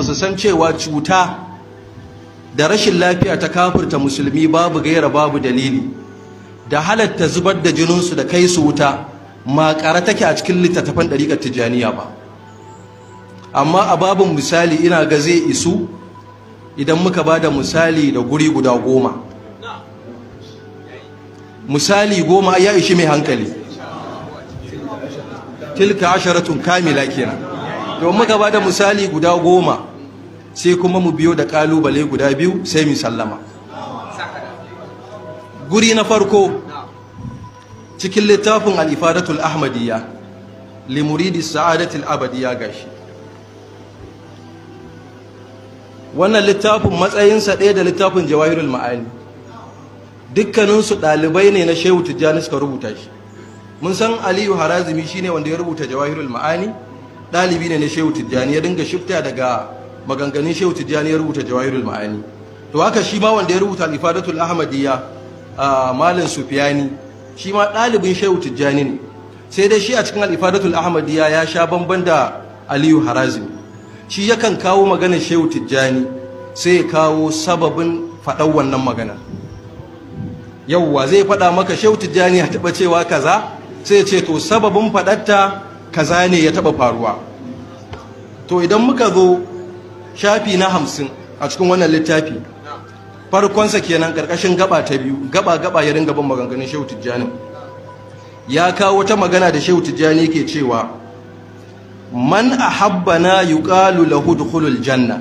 ba su san cewa cuta da rashin lafiya ta kafirta musulmi babu gaira babu dalili da halatta zubar da jininsu da kai su wuta makara take a cikin littattafan ɗariƙar tijjaniya ba amma a babin misali ina ga zai isu idan muka ba da misali da guri guda goma misali goma ya ishi mai hankali tilka asharatun kamila kenan domin muka ba da misali guda goma sai kuma mu biyo da kalubale guda biyu sai mu sallama guri na farko cikin littafin al-ifadatul ahmadiyya li muridi sa'adatul abadiyya gashi wannan littafin matsayinsa ɗaya da littafin jawahirul ma'ani dukkaninsu ɗalibai ne na shehu tijjani suka rubuta shi mun san aliyu harazimi shine wanda ya rubuta jawahirul ma'ani ɗalibi ne na shehu tijjani ya dinga shifta daga maganganun shehu tijjani ya rubuta jawahirul ma'ani to haka shi ma wanda ya rubuta al-ifadatul ahmadiyya malam sufiyani shi ma ɗalibin shehu tijjani ne sai dai shi a cikin al-ifadatul ahmadiyya ya sha bamban da aliyu harazi shi yakan kawo maganar shehu tijjani sai ya kawo sababin faɗan wannan magana yauwa zai faɗa maka shehu tijjani ya taɓa cewa kaza sai ya ce to sababin faɗatta kaza ne ya taɓa faruwa to idan muka zo shafi na hamsin a cikin wannan littafi farkonsa kenan karkashin gaba ta biyu gaba gaba ya ringa bin maganganun shehu tijjani ya kawo wata magana da shehu tijjani ke cewa man a ahabbana yuqalu lahu dukhulul janna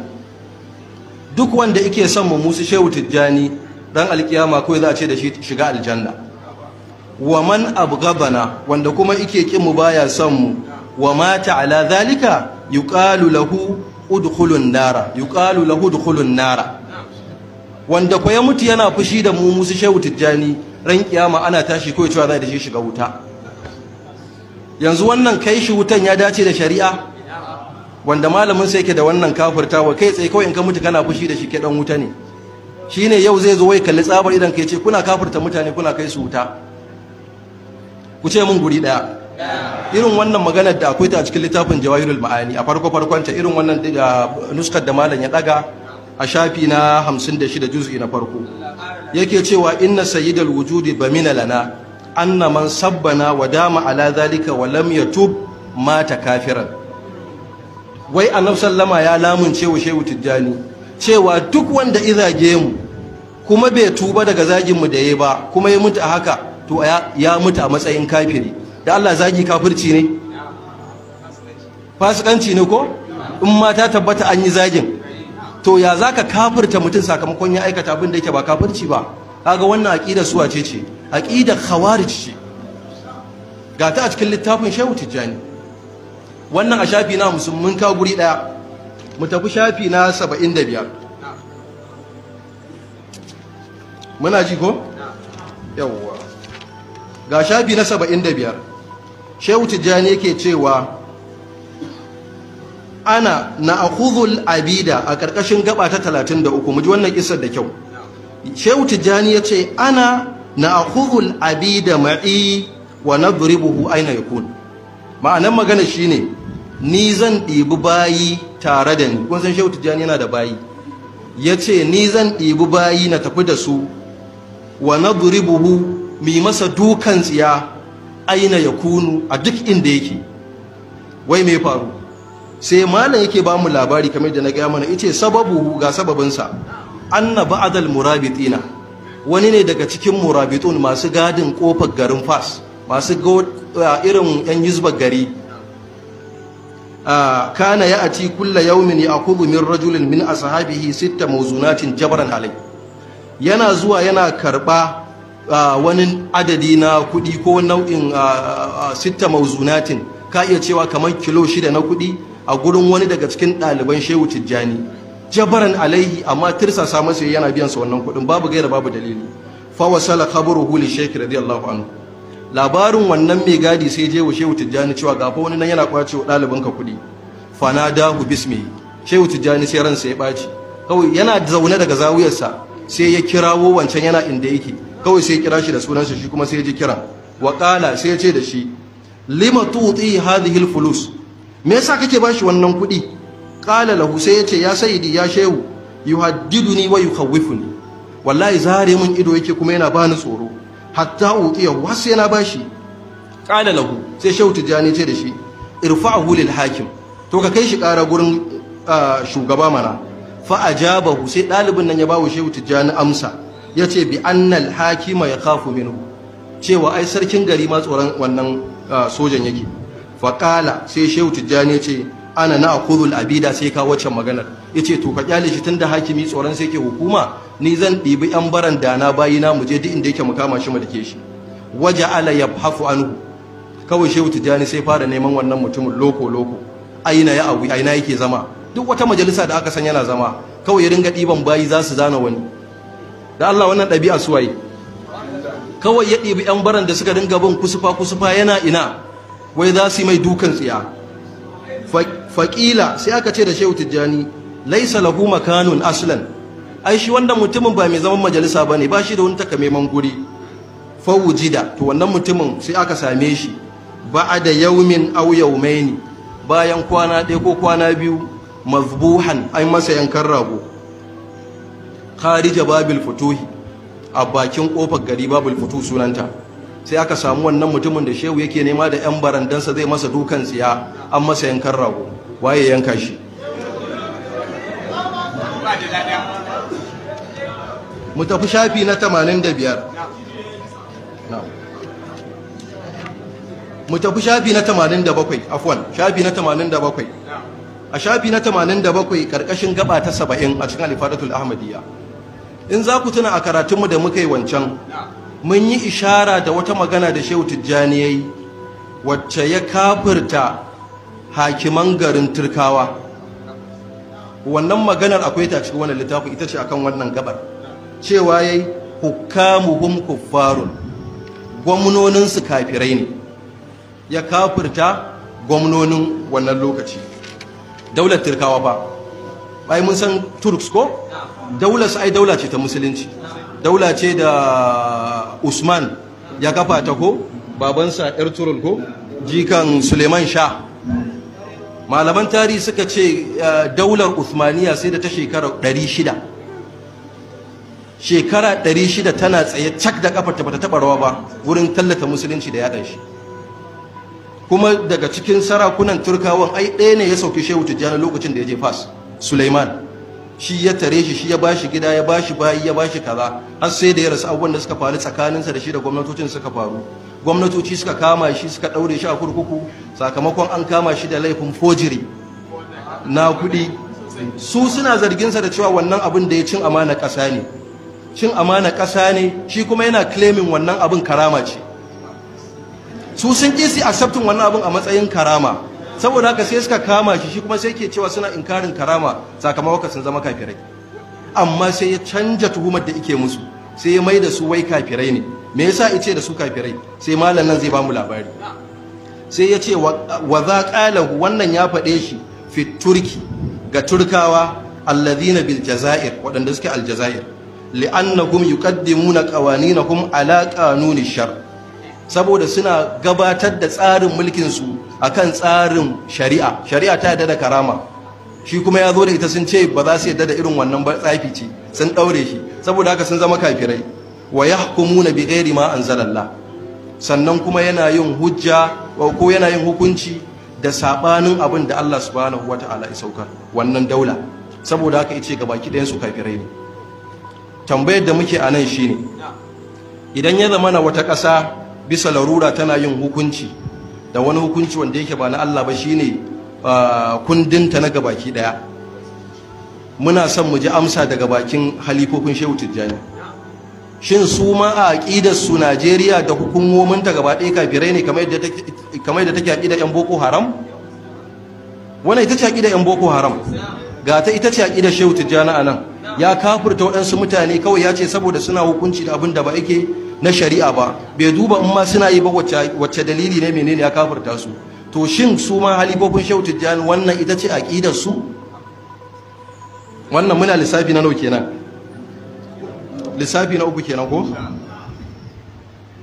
duk wanda ike son mu musu shehu tijjani dan alkiyama ko za a ce da shi shiga aljanna wa man gabana wanda kuma ike kin mu baya son mu wa mata ala zalika yuqalu lahu udkhulun nara yuqalu lahu udkhulun nara wanda ko ya mutu yana fushi da mu musu shehu tijjani ran kiyama ana tashi ko cewa zai da shi shiga wuta yanzu wannan kai shi wutan ya dace da shari'a wanda malamin sai yake da wannan wa kai tsaye kawai in ka mutu kana fushi da shi ke dan wuta ne shine yau zai zo wai kalli tsabar idan kai ce kuna kafirta mutane kuna kai su wuta ku ce mun guri daya irin wannan maganar da akwai ta a cikin littafin jawahirul ma'ani a farko farkon ta irin wannan nuskar da malam ya daga a shafi na 56 juz'i na farko yake cewa inna sayyidal wujudi bamina lana anna man sabbana wa dama ala zalika wa lam yatub mata kafiran wai annab sallama ya lamun cewa shehu tijjani cewa duk wanda izage mu kuma bai tuba daga zagin mu da yayi ba kuma ya mutu a haka to ya mutu a matsayin kafiri da Allah zagi kafirci ne fasikanci ne ko in ma ta tabbata an yi zagin to ya zaka kafirta mutum sakamakon ya aikata abin da yake ba kafirci ba kaga wannan aqida suwa ce ce aqida khawarij ce ga ta a cikin littafin Shehu Tijjani wannan a shafi na musulmin ka guri daya mu tafi shafi na 75 muna ji ko yawwa ga shafi na 75 shehu tijjani yake cewa ana na akuzul abida a ƙarƙashin gaba ta 33 muji wannan kisar da kyau shehu tijjani ce ana na akuzul abida ma'i wa na nadribuhu aina kun ma'anan magana ne ni zan ɗibi bayi tare da ni kun san shehu tijjani yana da bayi Ya ce ni zan ɗibi bayi na tafi da su wa na nadribuhu mi masa dukan tsiya aina ya kunu a duk inda yake wai mai faru sai malam yake ba mu labari kamar da na gaya mana ice sababu ga sababinsa anna ba'dal murabitina wani ne daga cikin murabitun masu gadin kofar garin fas masu irin yan yuzbar gari kana ya ati kulla yaumin ya min rajulin min ashabihi sitta mawzunatin jabran halai yana zuwa yana karba Ah, wani adadi na kuɗi ko nau'in ah, ah, sita mauzunatin ka iya cewa kamar kilo shida na kuɗi a gurin wani daga cikin ɗaliban shehu tijjani jabaran alaihi amma tirsasa masa yana biyan sa wannan kuɗin babu gaira babu dalili fa wasala khabaruhu li shaykh radiyallahu anhu labarin wannan mai gadi sai je wa shehu tijjani cewa ga fa wani nan yana kwace wa ɗalibin ka kuɗi fanadahu bismi shehu tijjani sai ransa ya ɓaci kawai yana zaune daga zawiyarsa sai ya kirawo wancan yana inda yake kawai sai kira shi da sunansa shi kuma sai ji kira wa kala sai ce da shi lima tuti hadhihi alfulus me yasa kake ba shi wannan kuɗi kala lahu sai ya ce ya sayyidi ya shehu yuhaddiduni wa yukhawwifuni wallahi zare mun ido yake kuma yana bani tsoro hatta utiya wasu yana bashi kala lahu sai shehu tijani ce da shi a lil hakim to ka kai shi kara gurin ah, shugaba mana fa ajabahu sai dalibin nan ya bawo shehu tijani amsa ya ce bi annal hakima ya kafu minu cewa ai sarkin gari ma tsoron wannan sojan yake faƙala sai shehu tijjani ce ana na akurul abida sai ka wacce maganar ya ce to ka ƙyale shi tunda hakimi tsoron sai ke hukuma ni zan ɗibi yan baran dana bayina mu muje duk inda yake mu kama shi mu dake shi waje ala hafu anhu kawai shehu tijjani sai fara neman wannan mutumin loko loko aina ya abu aina yake zama duk wata majalisa da aka san yana zama kawai ya ringa ɗiban bayi za su zana wani da Allah wannan ɗabi'a su waye kawai ya ɗibi yan baran da suka dinga bin kusufa kusufa yana ina wai za su yi mai dukan tsiya faƙila sai aka ce da shehu tijjani laisa lahu makanun aslan ai shi wanda mutumin ba mai zaman majalisa bane ba shi da wani takamaiman guri fawujida to wannan mutumin sai aka same shi da yaumin au yaumaini bayan kwana ɗaya ko kwana biyu mazbuhan ai masa yankan rago kharija babil futuhi a bakin kofar gari babil futu sunanta sai aka samu wannan mutumin da shehu yake nema da yan barandansa zai masa dukan tsiya an masa yankan rago waye yanka shi mu tafi shafi na 85 mu tafi shafi na 87 afwan shafi na 87 a shafi na 87 karkashin gaba ta 70 a cikin alifadatul ahmadiyya in za ku tuna a karatunmu da muka yi wancan mun yi ishara da wata magana da shehu tijjani ya yi wacce ya kafirta hakiman garin turkawa wannan maganar akwai ta cikin wannan littafi ita ce akan wannan gabar cewa ya yayi hukamuhum kuffarun gwamnoninsu kafirai ne ya kafirta gwamnonin wannan lokaci daular turkawa ba ai mun san turks ko su ai daula ce ta musulunci daula ce da usman ya kafa ta ko babansa turul ko jikan suleiman sha malaman tarihi suka ce eh, daular usmaniya sai da ta shekara 600 shekara 600 tana tsaye cak da kafar ta bata taba rawa ba wurin tallata musulunci da yadan shi kuma daga cikin sarakunan turkawan ai ɗaya ne ya sauki shehu tijjani lokacin da ya je fas suleiman shi ya tare shi shi ya bashi gida ya bashi bayi ya bashi kaza har sai da ya rasu abubuwan da suka faru tsakanin sa da shi da gwamnatocin suka faru gwamnatoci suka kama shi suka daure shi a kurkuku sakamakon an kama shi da laifin fojiri na kudi su suna zargin sa da cewa wannan abin da ya cin amana ƙasa ne cin amana ƙasa ne shi kuma yana claiming wannan abin karama ce su sun kisi accepting wannan abin a matsayin karama saboda haka sai suka kama shi shi kuma sai ke cewa suna inkarin karama sakamakon sun zama kafirai amma sai ya canja tuhumar da ike musu sai ya maida su wai kafirai ne me yasa ice da su kafirai sai malam nan zai ba mu labari sai ya ce wa za qalahu wannan ya faɗe shi fi turki ga turkawa alladhina bil jazair waɗanda suke aljazair li'annahum yuqaddimuna qawaninahum ala qanuni shar' saboda suna gabatar da tsarin mulkinsu a kan tsarin shari'a shari'a ta yadda da karama shi kuma ya zo da ita sun ce ba za su yadda da irin wannan tsafi ce sun ɗaure shi saboda haka sun zama kafirai wa ya na bi ghairi ma an zalalla sannan kuma yana yin hujja ko yana yin hukunci da saɓanin abin da Allah subhanahu ta'ala ya saukar wannan daula saboda haka ce ga baki ɗayan su kafirai ne tambayar da muke a nan shine idan ya zama na wata ƙasa bisa larura tana yin hukunci da wani hukunci wanda yake ba na Allah ba shine kundinta na gabaki daya muna son mu ji amsa daga bakin halifofin Shehu Tijjani shin su ma a aqidar su Najeriya da hukumomin ta gaba ɗaya kafirai ne kamar yadda take kamar yadda take aqidar yan Boko Haram wannan ita ce aqidar yan Boko Haram ga ta ita ce aqidar Shehu Tijjani anan ya kafurta waɗansu mutane kawai ya ce saboda suna hukunci da abin da ba yake na shari'a ba bai duba in ma suna yi ba wacce dalili ne menene ya kafurta su to shin su ma halibobin shautu jani wannan ita ce aƙidar su wannan muna lissafi na nau kenan lissafi na uku kenan ko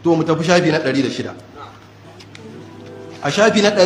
to mu tafi shafi na 106 a shafi na